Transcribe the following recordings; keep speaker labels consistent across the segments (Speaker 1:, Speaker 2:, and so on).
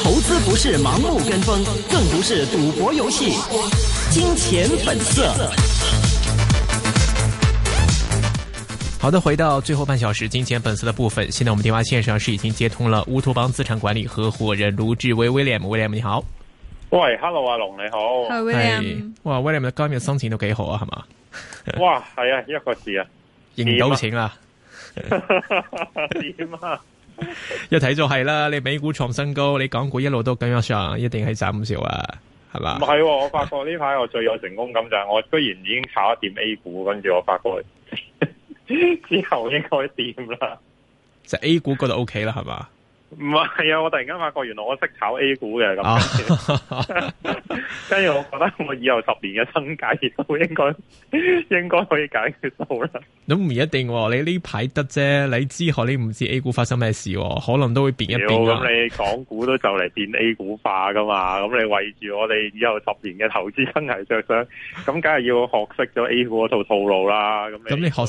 Speaker 1: 投資不是盲目
Speaker 2: 跟風，更不是賭博遊戲。金錢本色。
Speaker 1: 好的，回到最後半小時金錢本色的部分。現在我們電話線上是已經接通了烏托邦資產管理合夥人盧志威 William，William 你好。
Speaker 2: 喂、hey,，Hello 阿龍你好。Hi，
Speaker 1: 哇，William 的高面心情都幾好啊，係嘛？
Speaker 2: 哇， 係啊，一個字啊，贏友情啊。點
Speaker 1: 啊！一睇 就係啦，你美股創新高，你港股一路都跟上，一定係斬唔少啊，係嘛？
Speaker 2: 唔係，我發覺呢排我最有成功感就係我居然已經炒一掂 A 股，跟住我發覺之後應該掂啦？
Speaker 1: 就 A 股覺得 OK 啦，係嘛？
Speaker 2: 唔係啊！我突然間發覺，原來我識炒 A 股嘅。咁，跟住、啊、 我覺得我以後十年嘅生涯都應該應該可以解決到
Speaker 1: 啦。咁唔一定、哦，你呢排得啫。你，之後你知可你唔知 A 股發生咩事，、哦，可能都會變一變噶。咁、嗯、你
Speaker 2: 港股都就嚟變 A 股化噶嘛？咁你為住我哋以後十年嘅投資生涯着想，咁梗係要學識咗 A 股嗰套套路啦。咁
Speaker 1: 咁你學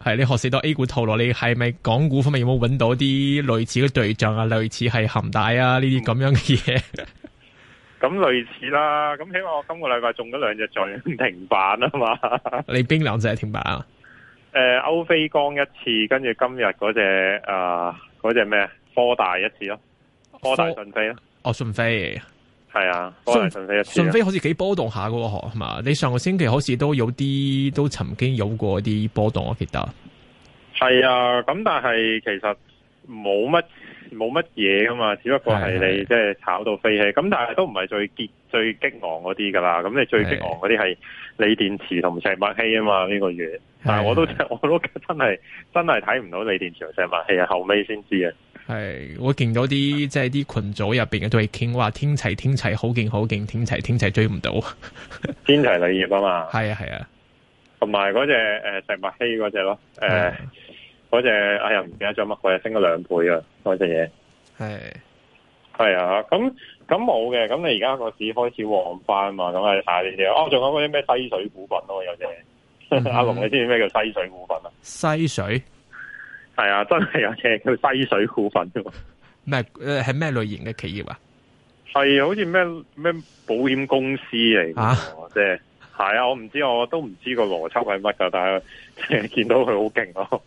Speaker 1: 係你學識咗路 A 股套路，你係咪港股方面有冇搵到啲類似嘅對象？類似啊，類似係恒大啊呢啲咁樣嘅嘢，
Speaker 2: 咁 類似啦。咁起碼我今個禮拜中咗兩隻漲停板啊嘛。 你
Speaker 1: 邊兩隻漲停板啊？
Speaker 2: 誒、呃，歐菲光一次，跟住今日嗰隻誒嗰隻咩科大一次咯，科大訊飛咯，哦訊飛係啊，科大訊飛一次啊。訊飛好似
Speaker 1: 幾波動下噶喎，係嘛？你上個星期好似都有啲都曾經有過啲波動，我記得
Speaker 2: 係啊。咁、啊、但係其實冇乜。冇乜嘢噶嘛，只不過係你即係炒到飛起，咁是是 但係都唔係最激最激昂嗰啲噶啦。咁你是是 最激昂嗰啲係鋰電池同石墨烯啊嘛呢，這個月，但係我，是是 我都真我都真係真係睇唔到鋰電池同石墨烯啊，後尾先知啊。
Speaker 1: 係，我見到啲即係啲群組入面嘅都係傾話天齊天齊好勁好勁，天齊天齊追唔到。
Speaker 2: 天齊鋰業啊嘛。係啊係啊，同埋嗰隻石墨烯嗰隻咯，誒、呃。是是嗰隻、那個、哎呀，唔記得咗乜鬼升咗兩倍啊！嗰隻嘢係係啊，咁咁冇嘅，咁你而家個市開始旺翻嘛？咁係，下呢啲哦，仲有嗰啲咩西水股份咯，有隻阿龍，你知唔知咩叫西水股份啊？
Speaker 1: 西水
Speaker 2: 係啊，真係有隻叫西水股份、啊，
Speaker 1: 咩？誒，係咩類型嘅企業啊？
Speaker 2: 係好似咩咩保險公司嚟啊？即係，係啊，我唔知，我都唔知個邏輯係乜噶，但係見到佢好勁咯。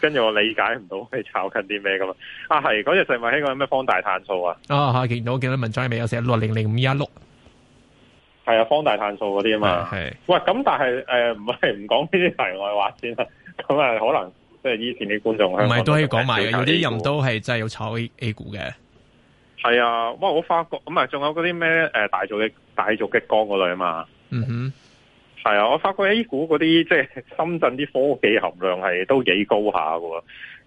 Speaker 2: 跟住 Okay. 我理解唔到佢炒緊啲咩咁啊？啊係，嗰隻陳文希講咩？方大碳素啊！
Speaker 1: 啊、哦，見到見到文章入面有寫六零零五一六，
Speaker 2: 係啊，方大碳素嗰啲啊嘛。係，喂，咁但係誒，唔係唔講呢啲題外話先啦。咁啊，可能即係、呃、以前啲觀眾唔係
Speaker 1: 都可以講埋嘅，有啲人都係真係要炒 A A 股嘅。
Speaker 2: 係啊，哇！我發覺咁啊，仲有嗰啲咩誒大族嘅大族激光嗰類啊嘛。嗯哼。係啊，我發覺 A 股嗰啲，即係深圳啲科技含量係都幾高下嘅，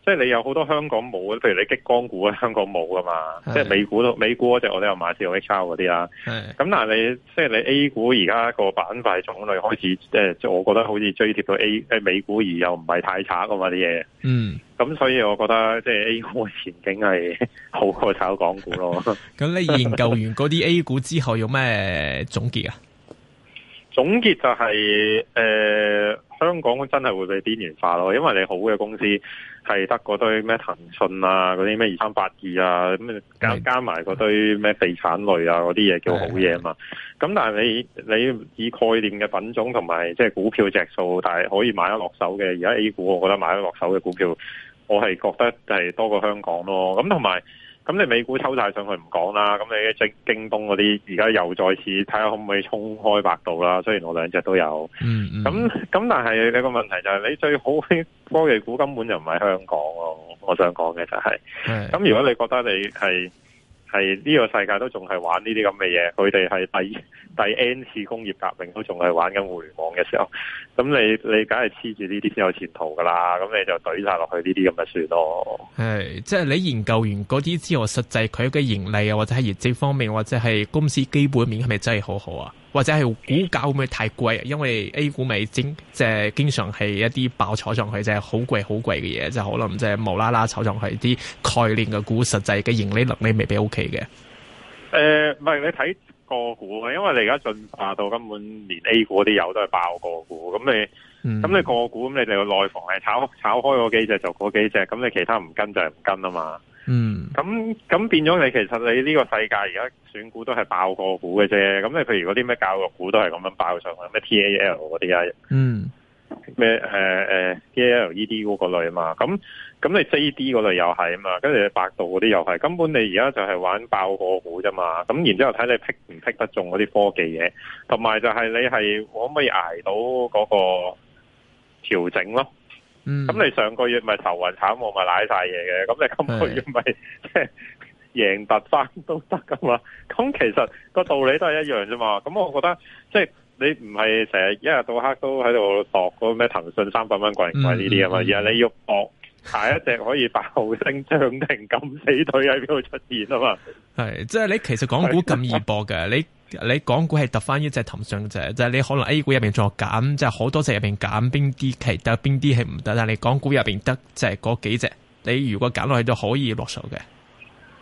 Speaker 2: 即係你有好多香港冇，譬如你激光股啊，香港冇噶嘛，是的 即係美股都美股嗰隻我都有買 X 那，用 HRO 嗰啲啊，咁但係你即係你 A 股而家個板塊種類開始，即係我覺得好似追貼到 A 誒美股而又唔係太差噶嘛啲嘢，那東西嗯，咁所以我覺得即係 A 股嘅前景係好過炒港股咯。
Speaker 3: 咁你研究
Speaker 1: 完嗰啲 A 股之後有咩 總結啊？
Speaker 2: 總結就係、是、誒、呃、香港真係會被邊緣化咯，因為你好嘅公司係得嗰堆咩騰訊啊、嗰啲咩二三八二啊，咁加加埋嗰堆咩地產類啊嗰啲嘢叫好嘢嘛。咁但係你你以概念嘅品種同埋即係股票隻數，但係可以買得落手嘅，而家 A 股我覺得買得落手嘅股票，我係覺得係多過香港咯。咁同埋。咁你美股抽曬上去唔講啦，咁你即京東嗰啲而家又再次睇下可唔可以衝開百度啦。雖然我兩隻都有，咁咁、嗯嗯、但係你個問題就係你最好嘅科技股根本就唔係香港咯。我想講嘅就係、是，
Speaker 3: 咁、嗯、如果你
Speaker 2: 覺得你係。係呢個世界都仲係玩呢啲咁嘅嘢，佢哋係第第 N 次工業革命都仲係玩緊互聯網嘅時候，咁你你梗係黐住呢啲先有前途噶啦，咁你就懟晒落去呢啲咁嘅算咯。
Speaker 1: 係，即係你研究完嗰啲之後，實際佢嘅盈利啊，或者係業績方面，或者係公司基本面，係咪真係好好啊？或者係股價會唔會太貴？因為 A 股咪精，即係經常係一啲爆炒上去很貴很貴，即係好貴好貴嘅嘢，即係可能即係無啦啦炒上去啲概念嘅股，實際嘅盈利能力未必 OK 嘅。
Speaker 2: 誒、呃，唔係你睇個股啊，因為而家進化到根本連 A 股啲友都係爆個股，咁你咁、嗯、你個股咁你就內房係炒炒開嗰幾隻就嗰幾隻，咁你其他唔跟就唔跟啊嘛。嗯，咁咁變咗你，其實你呢個世界而家選股都係爆個股嘅啫。咁你譬如嗰啲咩教育股都係咁樣爆上，有咩 T A L 嗰啲啊，呃呃、
Speaker 3: 嗯，
Speaker 2: 咩誒誒 T A L E D 嗰類啊嘛。咁咁你 C D 嗰類又係啊嘛，跟住你百度嗰啲又係。根本你而家就係玩爆個股啫嘛。咁然之後睇你 pick 唔 pick 得中嗰啲科技嘢，同埋就係你係可唔可以捱到嗰個調整咯。咁、嗯、你上個月咪愁雲慘霧咪瀨曬嘢嘅，咁你今個月咪即係贏突翻都得噶嘛？咁其實個道理都係一樣啫嘛。咁我覺得即係、就是、你唔係成日一日到黑都喺度博嗰咩騰訊三百蚊貴唔貴呢啲啊嘛，嗯嗯嗯、而係你要博。下一隻可以爆升漲停、敢死隊喺邊度出現啊？嘛
Speaker 1: 係，即係你其實港股咁易播嘅， 你你港股係得翻一隻騰訊者，就係、是、你可能 A 股入邊仲揀，即係好多隻入邊揀，邊啲係得，邊啲係唔得，但係港股入邊得，即係嗰幾隻，你如果揀落去都可以落手嘅。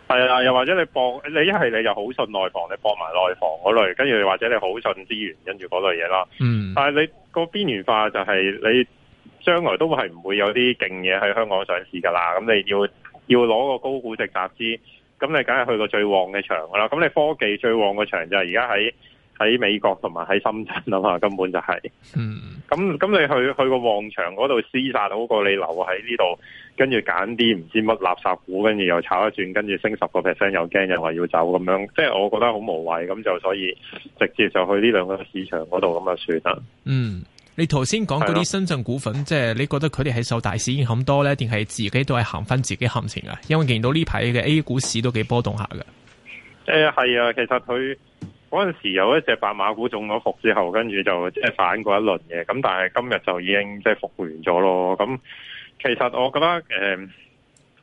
Speaker 2: 係啊，又或者你博，你一係你就好信內房，你博埋內房嗰類，跟住或者你好信資源跟住嗰類嘢啦。嗯，但係你個邊緣化就係你。將來都係唔會有啲勁嘢喺香港上市噶啦，咁你要要攞個高估值集資，咁你梗係去個最旺嘅場噶啦，咁你科技最旺嘅場就係而家喺喺美國同埋喺深圳啊嘛，根本就係，嗯，咁咁你去去個旺場嗰度廝殺好過你留喺呢度，跟住揀啲唔知乜垃圾股，跟住又炒一轉，跟住升十個 percent 又驚又話要走咁樣，即係我覺得好無謂，咁就所以直接就去呢兩個市場嗰度咁啊算啦，嗯。
Speaker 1: 你頭先講嗰啲深圳股份，的即係你覺得佢哋係受大市影響多呢？定係自己都係行翻自己行情啊？因為見到呢排嘅 A 股市都幾波動下
Speaker 2: 嘅、呃。誒係啊，其實佢嗰陣時有一隻白馬股中咗伏之後，跟住就即係反過一輪嘅。咁但係今日就已經即係復原咗咯。咁其實我覺得誒，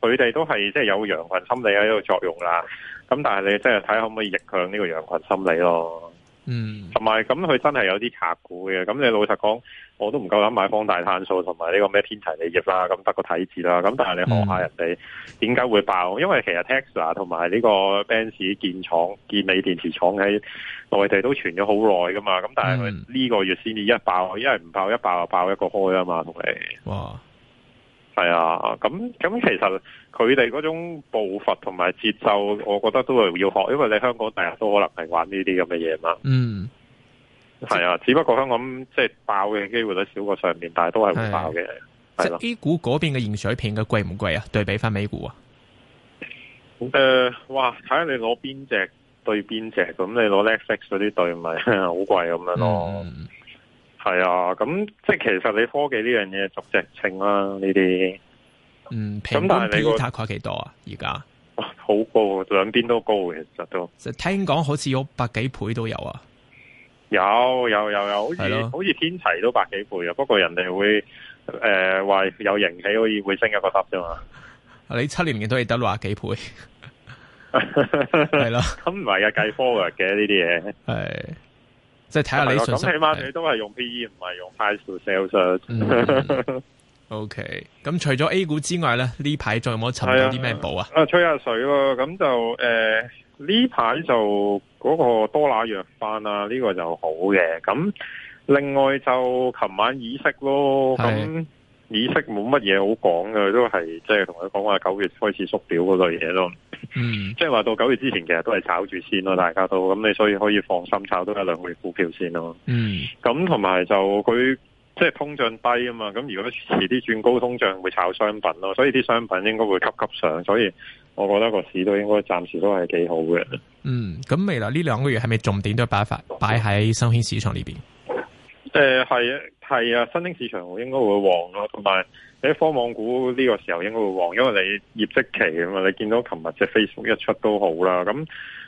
Speaker 2: 佢、呃、哋都係即係有羊群心理喺度作用啦。咁但係你真係睇下可唔可以逆向呢個羊群心理咯？嗯，同埋咁佢真係有啲客股嘅，咁你老實講，我都唔夠膽買方大炭素同埋呢個咩天齊鋰業啦，咁得個睇字啦，咁但係你學下人哋點解會爆，因為其實 Tesla 同埋呢個 Benz 建廠建尾電池廠喺內地都傳咗好耐㗎嘛，咁但係佢呢個月先至一爆，一係唔爆，一爆就爆一個開啊嘛，同你哇。係啊，咁咁其實佢哋嗰種步伐同埋節奏，我覺得都係要學，因為你在香港成日都可能係玩呢啲咁嘅嘢嘛。
Speaker 3: 嗯，
Speaker 2: 係啊，即只不過香港即係爆嘅機會都少過上面，但係都係會爆嘅。是啊、即係 A
Speaker 1: 股嗰邊嘅現水平嘅貴唔貴啊？對比翻美股啊？
Speaker 2: 誒、嗯，哇！睇下你攞邊隻對邊隻，咁你攞 Netflix 嗰啲對咪好貴咁樣咯？呵呵係啊，咁即係其實你科技呢樣嘢，逐隻稱啦，呢啲嗯。咁但係你個股價係幾多啊？而家哇，好高，兩邊都高其實都。
Speaker 1: 聽講好似有百幾倍都有啊？
Speaker 2: 有有有有，好似、啊、好似天齊都百幾倍啊！不過人哋會誒話、呃、有盈起，好似會升一個忽啫嘛。
Speaker 1: 你七年幾都係得六啊幾倍？
Speaker 2: 係啦。咁唔係啊，計 forward 嘅，呢啲嘢係。
Speaker 1: 即係睇下你信息，咁起
Speaker 2: 碼你都係用,用 P E 唔係用 Price to Sales、嗯。O K，
Speaker 1: 咁除咗 A 股之外咧，呢排再有冇尋啲咩寶啊？
Speaker 2: 啊吹下水喎，咁就誒呢排就嗰個多拿藥返啊呢個就好嘅，咁另外就琴晚議息咯，咁議息冇乜嘢好講嘅，都係即係同佢講話九月開始縮表嗰類嘢咯。嗯，即係話到九月之前，其實都係炒住先咯、啊，大家都咁你所以可以放心炒多一兩個月股票先咯、啊。嗯，咁同埋就佢即係通脹低啊嘛，咁如果遲啲轉高通脹，會炒商品咯、啊，所以啲商品應該會急急上，所以我覺得個市都應該暫時都係幾好嘅。嗯，
Speaker 1: 咁未來呢兩個月係咪重點都係擺翻擺喺新興市場呢邊？
Speaker 2: 誒係啊係啊，新興市場應該會旺咯、啊，同埋。喺科網股呢個時候應該會旺，因為你業績期啊嘛，你見到琴日隻 Facebook 一出都好啦，咁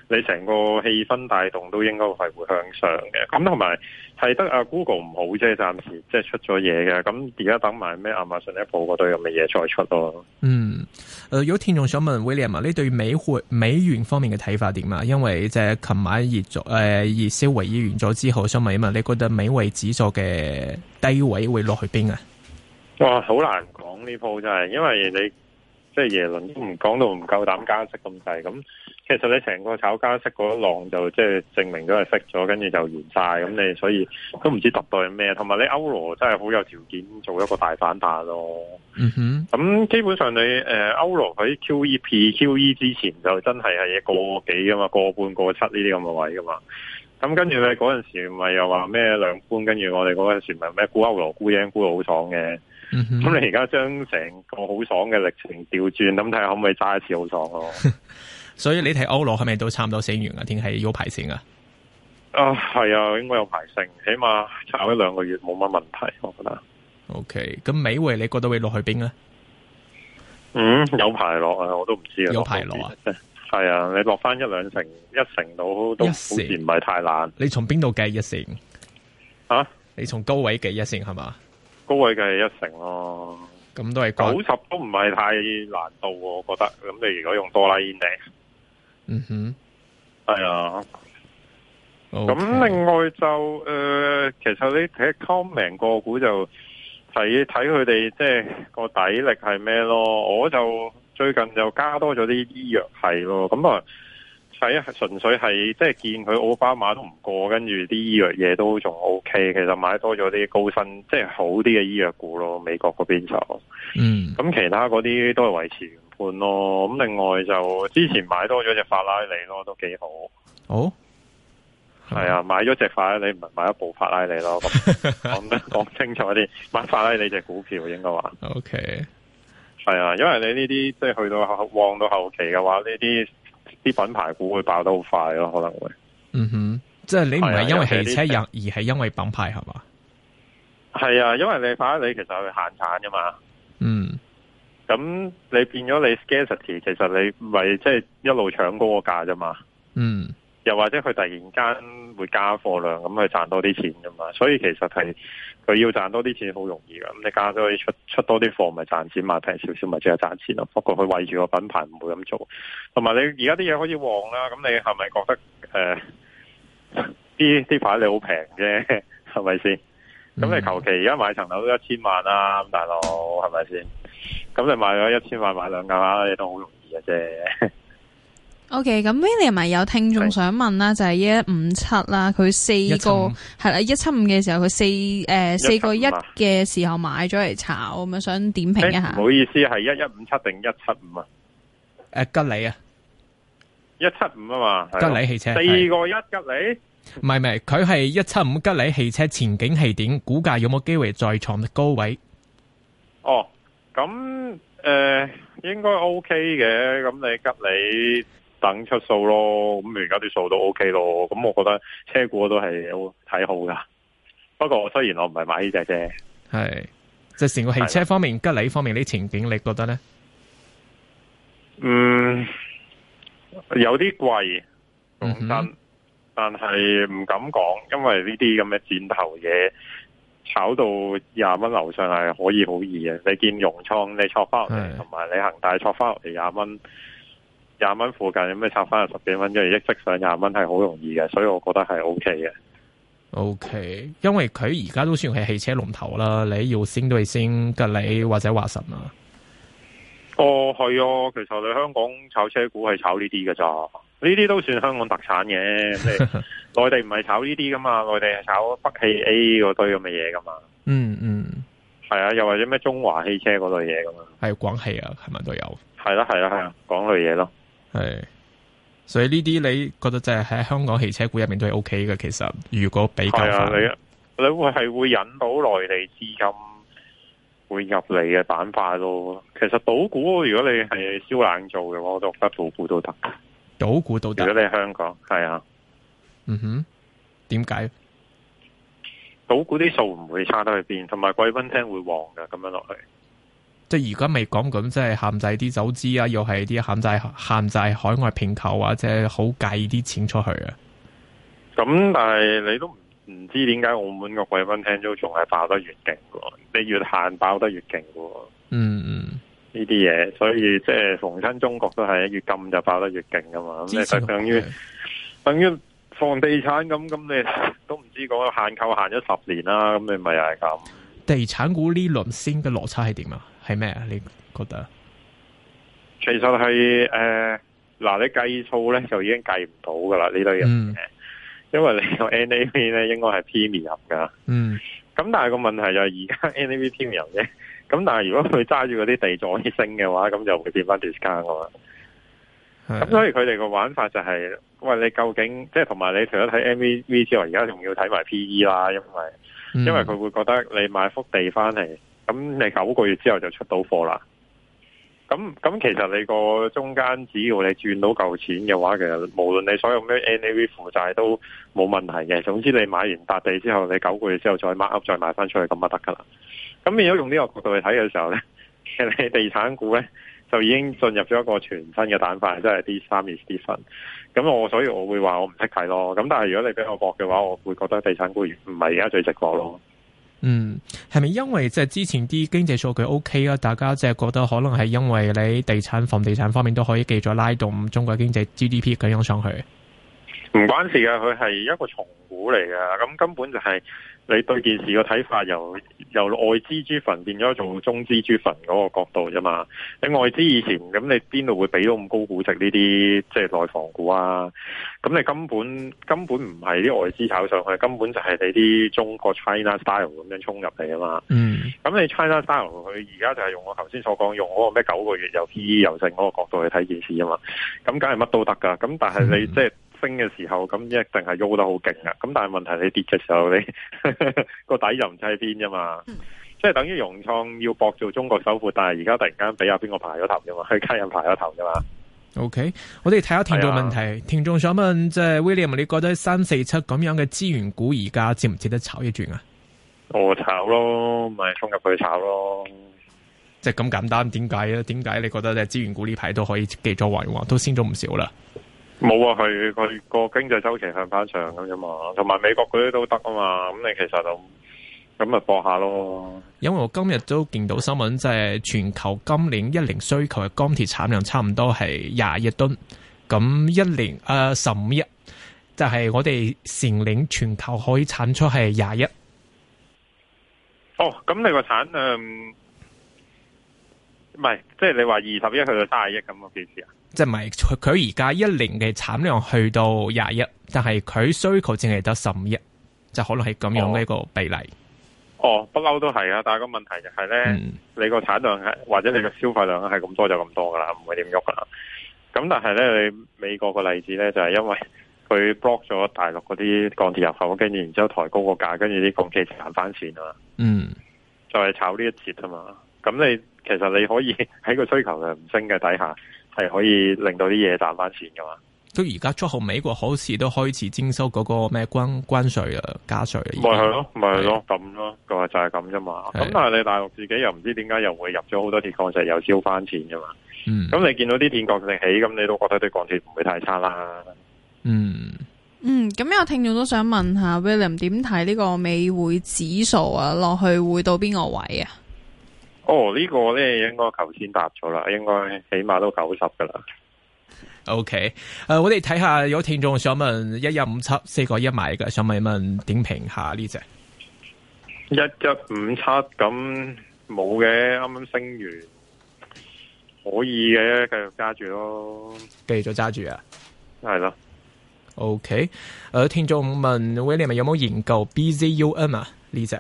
Speaker 2: 你成個氣氛帶動都應該係會向上嘅。咁同埋係得阿 Google 唔好，即係暫時即係出咗嘢嘅。咁而家等埋咩亞馬遜 Apple 嗰堆有乜嘢再出咯。嗯，
Speaker 1: 誒、呃，如果聽眾想問 William 啊，你對美匯美元方面嘅睇法點啊？因為即係琴晚熱咗誒，熱消會議完咗之後，想問啊，你覺得美匯指數嘅低位會落去邊啊？
Speaker 2: 哇，好難講呢鋪真係，因為你即係耶倫都唔講到唔夠膽加息咁滯，咁其實你成個炒加息嗰一浪就即係證明咗係息咗，跟住就完晒，咁你所以都唔知揼到係咩，同埋你歐羅真係好有條件做一個大反彈咯。咁、嗯、哼基本上你誒歐羅喺 QE P QE 之前就真係係一個幾噶嘛，個半個七呢啲咁嘅位噶嘛，咁跟住你嗰陣時咪又話咩量寬，跟住我哋嗰陣時咪咩孤歐羅孤英孤好爽嘅。咁、嗯、你而家將成個好爽嘅歷程調轉，咁睇下可唔可以揸一次好爽咯？
Speaker 1: 所以你睇歐羅係咪都差唔多死完啊？定係有排升啊？
Speaker 2: 啊係啊，應該有排升，起碼炒一兩個月冇乜問題，我覺得。
Speaker 1: O K，咁美匯你覺得你會落去邊呢？嗯，有
Speaker 2: 排落啊，我都唔知啊，有排落啊，係、嗯、啊，你落翻一兩成，一成到都好似唔係太難。
Speaker 1: 你從邊度計一成？從
Speaker 2: 一成啊？你從高位計一成係嘛？高位嘅一成咯、啊，咁都係九十都唔係太難度、啊，我覺得。咁你如果用多拉煙呢？嗯哼，係啊。咁 Okay. 另外就誒、呃，其實你睇 comment 個股就睇睇佢哋即係個底力係咩咯？我就最近就加多咗啲醫藥係咯，咁啊。係啊，純粹係即係見佢奧巴馬都唔過，跟住啲醫藥嘢都仲 O K。其實買多咗啲高薪，即係好啲嘅醫藥股咯。美國嗰邊就，嗯，咁其他嗰啲都係維持原判咯。咁另外就之前買多咗隻法拉利咯，都幾好。好，哦，係啊，買咗隻法拉利唔係買一部法拉利咯，咁講清楚啲 買法拉利隻股票應該話。O K，係啊，因為你呢啲即係去到後旺到後期嘅話呢啲。啲品牌股會爆得好快咯，可能會。
Speaker 3: 嗯
Speaker 1: 哼，即係你唔係因為汽車而而係因為品牌係嘛？
Speaker 2: 係吧啊，因為你比亞迪你其實去限產啫嘛。嗯。咁你變咗你 scarcity，其實你咪即係一路搶嗰個價啫嘛。嗯。又或者佢突然間會加貨量，咁去賺多啲錢噶嘛？所以其實係。佢要賺多啲錢好容易噶咁你加咗可以出出多啲貨，咪賺錢嘛？平少少咪即係賺錢咯。不過佢為住個品牌唔會咁做，同埋你而家啲嘢開始旺啦，咁你係咪覺得誒？啲啲牌你好平嘅係咪先？咁、嗯、你求其而家買層樓都一千萬啦，咁大佬係咪先？咁你買咗一千萬買兩架啦，你都好容易嘅啫。
Speaker 1: O.K.，咁 v i 咪有聽眾想問啦，係，就係一一五七啦，佢四個係啦一七五嘅時候，佢四誒四、呃、一七五個一嘅時候買咗嚟炒咁樣，啊、想點評一下。唔好
Speaker 2: 意思，係一一五七定一七五啊？
Speaker 1: 誒，吉利啊，
Speaker 2: 一七五啊嘛，吉利汽車四個一吉利，
Speaker 1: 唔係唔係，佢係一七五吉利汽車前景係點？股價有冇機會再創高位？
Speaker 2: 哦，咁誒、呃、應該 O.K. 嘅，咁你吉利。等出數咯，咁而家啲數都 OK 咯，咁我覺得車股都係睇好噶。不過我雖然我唔係買呢隻啫，
Speaker 1: 係即係成個汽車方面、的吉利方面啲前景你覺得咧？
Speaker 3: 嗯，
Speaker 2: 有啲貴，
Speaker 3: 講、嗯、
Speaker 2: 哼但係唔敢講，因為呢啲咁嘅箭頭嘢炒到廿蚊樓上係可以好易嘅。你見融創你挫翻落嚟，同埋的你恒大挫翻落嚟廿蚊。廿蚊附近有咩拆翻？又十幾蚊，即係一升上廿蚊係好容易嘅，所以我覺得係 O K 嘅。
Speaker 1: OK，因為佢而家都算係汽車龍頭啦。你要升都係升吉利或者華晨啊。
Speaker 2: 哦，係哦。其實你香港炒車股係炒呢啲嘅咋？呢啲都算香港特產嘅。即係內地唔係炒呢啲噶嘛？內地係炒北汽 A 嗰堆咁嘅嘢噶嘛？嗯
Speaker 1: 嗯，
Speaker 2: 係啊，又或者咩中華汽車嗰類嘢咁
Speaker 1: 啊？係廣汽啊，係咪都有？
Speaker 2: 係啦係啦係啊，廣類嘢咯。
Speaker 1: 係，所以呢啲你覺得即係喺香港汽車股入面都係 OK 嘅。其實如果比較
Speaker 2: 你你會係會引到內地資金會入嚟嘅板塊咯。其實賭股如果你係燒冷做嘅話，我覺得賭股都得。
Speaker 1: 賭股都得，都如果
Speaker 2: 你喺香港係啊。嗯哼，
Speaker 1: 點解
Speaker 2: 賭股啲數唔會差得去邊？同埋貴賓廳會旺噶，咁樣落去。
Speaker 1: 即係而家未講緊，即係限制啲走資啊，又係啲限制限制海外併購啊，即係好計啲錢出去啊。
Speaker 2: 咁但係你都唔知點解澳門個貴賓廳都仲係爆得越勁嘅，你越限爆得越勁嘅。嗯嗯，
Speaker 3: 呢
Speaker 2: 啲嘢，所以即係逢親中國都係越禁就爆得越勁噶嘛。咁你等於等於房地產咁，咁你都唔知講限購限咗十年啦，咁你咪又係咁。
Speaker 1: 地產股呢輪先嘅落差係點啊？係咩啊？你覺得？
Speaker 2: 其實係誒，嗱、呃，你計數咧就已經計唔到噶啦呢堆嘢，嗯、因為你個 N A V 咧應該係 premium 噶，嗯。咁但係個問題就係而家 N A V premium 啫，咁但係如果佢揸住嗰啲地再升嘅話，咁就會變翻 discount 啊嘛。咁
Speaker 3: 是的 所
Speaker 2: 以佢哋個玩法就係、是，喂，你究竟即係同埋你除咗睇 M V V 之外，而家仲要睇埋 P E 啦，因為、嗯、因為佢會覺得你買幅地翻嚟。咁你九個月之後就出到貨啦，咁咁其實你個中間只要你賺到嚿錢嘅話，其實無論你所有咩 N A V 負債都冇問題嘅。總之你買完笪地之後，你九個月之後再 mark up 再賣翻出去咁就得噶啦。咁如果用呢個角度去睇嘅時候咧，其實地產股咧就已經進入咗一個全新嘅蛋塊，即係啲三月啲分。咁我所以我會話我唔識睇咯。咁但係如果你俾我搏嘅話，我會覺得地產股唔係而家最值搏咯。
Speaker 1: 嗯，係咪因為即係之前啲經濟數據 OK 啊？大家即係覺得可能係因為你地產房地產方面都可以繼續拉動中國的經濟 GDP 咁樣上去？
Speaker 3: 唔關
Speaker 2: 事嘅，佢係一個重估嚟嘅，咁根本就係、是。你對件事嘅睇法由由外資豬墳變咗做中資豬墳嗰個角度啫嘛？你外資以前咁，你邊度會俾到咁高估值呢啲即係內房股啊？咁你根本根本唔係啲外資炒上去，根本就係你啲中國 China Style 咁樣衝入嚟啊嘛？
Speaker 3: 嗯，
Speaker 2: 咁你 China Style 佢而家就係用我頭先所講用嗰個咩九個月又 P E 又性嗰個角度去睇件事啊嘛？咁梗係乜都得噶，咁但係你即係。嗯升嘅時候咁一定係喐得好勁啊！咁但係問題，你跌嘅時候，你個 底又唔知喺邊啫嘛，嗯、即係等於融創要博做中國首富，但係而家突然間俾阿邊個排咗頭啫嘛，去吸引排咗頭啫嘛。
Speaker 1: OK，我哋睇下聽眾問題，哎、呀聽眾想問即係、就是、William，你覺得三四七咁樣嘅資源股而家值唔值得炒一轉啊？
Speaker 2: 我炒咯，咪衝入去炒咯，
Speaker 1: 即係咁簡單。點解咧？點解你覺得咧？資源股呢排都可以寄咗位喎，都升咗唔少啦。
Speaker 2: 冇啊，佢佢個經濟週期向翻上咁樣嘛，同埋美國嗰啲都得啊嘛，咁你其實就咁咪博下
Speaker 1: 咯。因為我今日都見到新聞，即係全球今年一年需求嘅鋼鐵產量差唔多係廿億噸，咁一年誒十五億，就係、是、我哋前年全球可以產出係廿
Speaker 2: 一。哦，咁你個產量？嗯唔係，即係你話二十億去到卅億咁啊？幾時啊？
Speaker 1: 即係唔係佢而家一年嘅產量去到廿一，但係佢需求淨係得十五億，就可能係咁樣嘅一個比例。
Speaker 2: 哦，不、哦、嬲都係啊，但係個問題就係、是、咧，嗯、你個產量係或者你個消費量係咁多就咁多噶啦，唔會點喐噶啦。咁但係咧，你美國個例子咧就係、是、因為佢 block 咗大陸嗰啲鋼鐵入口，跟住然之後抬高個價，跟住啲鋼鐵賺翻錢啊嘛。嗯，就係炒呢一節啊嘛。咁你其實你可以喺個需求量唔升嘅底下，係可以令到啲嘢賺翻錢噶嘛？
Speaker 1: 到而家，出好美國好似都開始徵收嗰個咩關關稅啊，加稅啊，咪係咯，
Speaker 2: 咪係咯，咁咯，佢話就係咁啫嘛。咁是但係你大陸自己又唔知點解又會入咗好多鐵礦石，又燒翻錢噶嘛？咁、嗯、你見到啲鐵礦石起，咁你都覺得對鋼鐵唔會太差啦。嗯
Speaker 1: 嗯，咁又、嗯、聽眾都想問下 William 點睇呢個美匯指數啊？落去會到邊個位啊？
Speaker 2: 哦，呢個咧應該頭先答咗啦，應該起碼都九十噶啦。
Speaker 1: OK，誒，我哋睇下有聽眾想問一一五七四個一買嘅，想問問點評下呢隻
Speaker 2: 一一五七，咁冇嘅，啱啱升完，可以嘅，繼續揸住咯，
Speaker 1: 繼續揸住啊，係咯。OK，誒，聽眾問，威廉咪有冇研究 BZUN 啊？呢隻？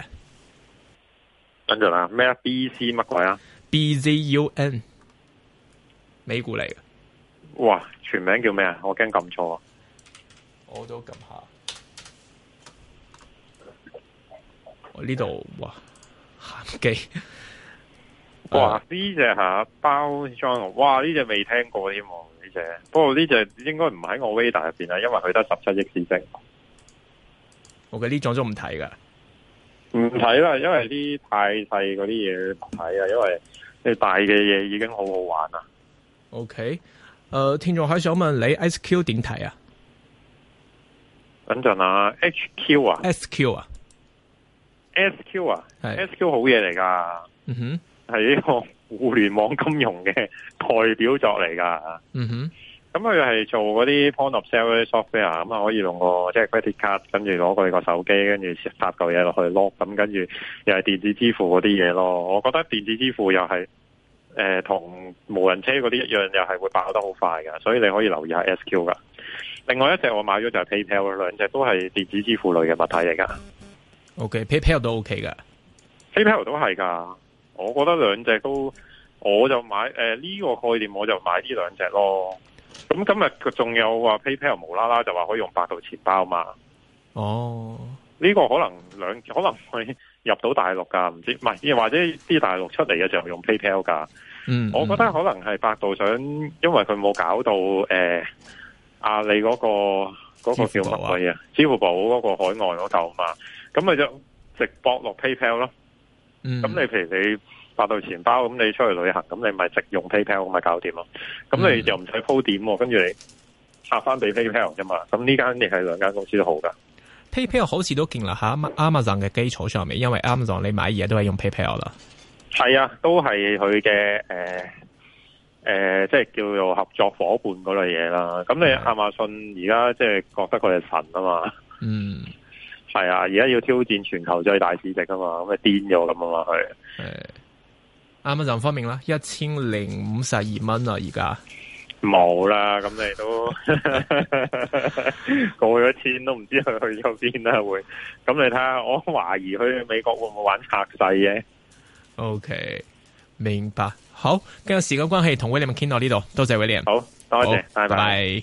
Speaker 2: 等住啦，咩啊？B C 乜鬼啊
Speaker 1: ？B Z U N，美股嚟
Speaker 2: 嘅。哇，全名叫咩、哦、嘩啊？我驚撳錯啊！我都撳下。
Speaker 1: 呢度哇，
Speaker 2: 鹹雞！哇，呢隻吓包裝哇，呢隻未聽過添喎，呢隻。不過呢隻應該唔喺我 Veda 入邊啊，因為佢得十七億市值。
Speaker 1: 我嘅呢種都唔睇噶。
Speaker 2: 唔睇啦，因為啲太細嗰啲嘢唔睇啊，因為你大嘅嘢已經好好玩啦。
Speaker 1: OK，誒、呃，聽眾仲想問你 S Q 點睇啊？
Speaker 2: 等陣啊，H Q 啊 S,， Q 啊 S,， Q 啊 S,， Q 好嘢嚟噶，嗯哼、mm，係、hmm. 呢個互聯網金融嘅代表作嚟噶，嗯哼、mm。Hmm. 咁佢係做嗰啲 point of sale 嗰啲 software，咁、嗯、啊、嗯、可以用個即係 credit card 跟住攞佢個手機，跟住插個嘢落去 lock，咁跟住又係電子支付嗰啲嘢咯。我覺得電子支付又係同、呃、無人車嗰啲一樣，又係會爆得好快㗎。所以你可以留意下 SQ 噶。另外一隻我買咗就係 PayPal，兩隻都係電子支付類嘅物體嚟噶。
Speaker 1: O、okay, K，PayPal 都 O、okay、K 噶
Speaker 2: ，PayPal 都係噶。我覺得兩隻都，我就買呢、呃呢個概念，我就買呢兩隻咯。咁今日佢仲有話 PayPal 無啦啦就話可以用百度錢包嘛？哦，呢個可能兩，可能佢入到大陸噶，唔知唔係，或者啲大陸出嚟嘅就用 PayPal 噶。嗯，
Speaker 3: 我覺得
Speaker 2: 可能係百度想，因為佢冇搞到誒阿、呃啊、你嗰、嗰個嗰、嗰個叫乜鬼啊？支付寶嗰、啊、個海外嗰度嘛，咁咪就直播落 PayPal 咯。
Speaker 3: 嗯，咁你
Speaker 2: 譬如你。發到錢包咁，你出去旅行咁，你咪直用 PayPal 咁咪搞掂咯。咁你又唔使鋪點，跟住你刷翻俾 PayPal 啫嘛。咁呢間亦係兩間公司都好噶。
Speaker 1: PayPal 好似都建立喺 Amazon 嘅基礎上面，因為 Amazon 你買嘢都係用 PayPal 啦。
Speaker 2: 係啊，都係佢嘅誒誒，即係叫做合作伙伴嗰類嘢啦。咁你亞馬遜而家即係覺得佢係神啊嘛。嗯，係啊，而家要挑戰全球最大市值啊嘛，咁咪癲咗咁啊嘛，係。
Speaker 1: 亞馬遜方面啦？一千零五十二蚊啊，而
Speaker 2: 家冇啦，咁你都 過咗千都唔知佢去咗邊啦，會咁你睇下，我懷疑去美國會唔會玩拆細嘅
Speaker 1: ？OK，明白。好，今日時間關係，同威廉咪傾到呢度，多謝威廉，好，多謝，謝，拜拜。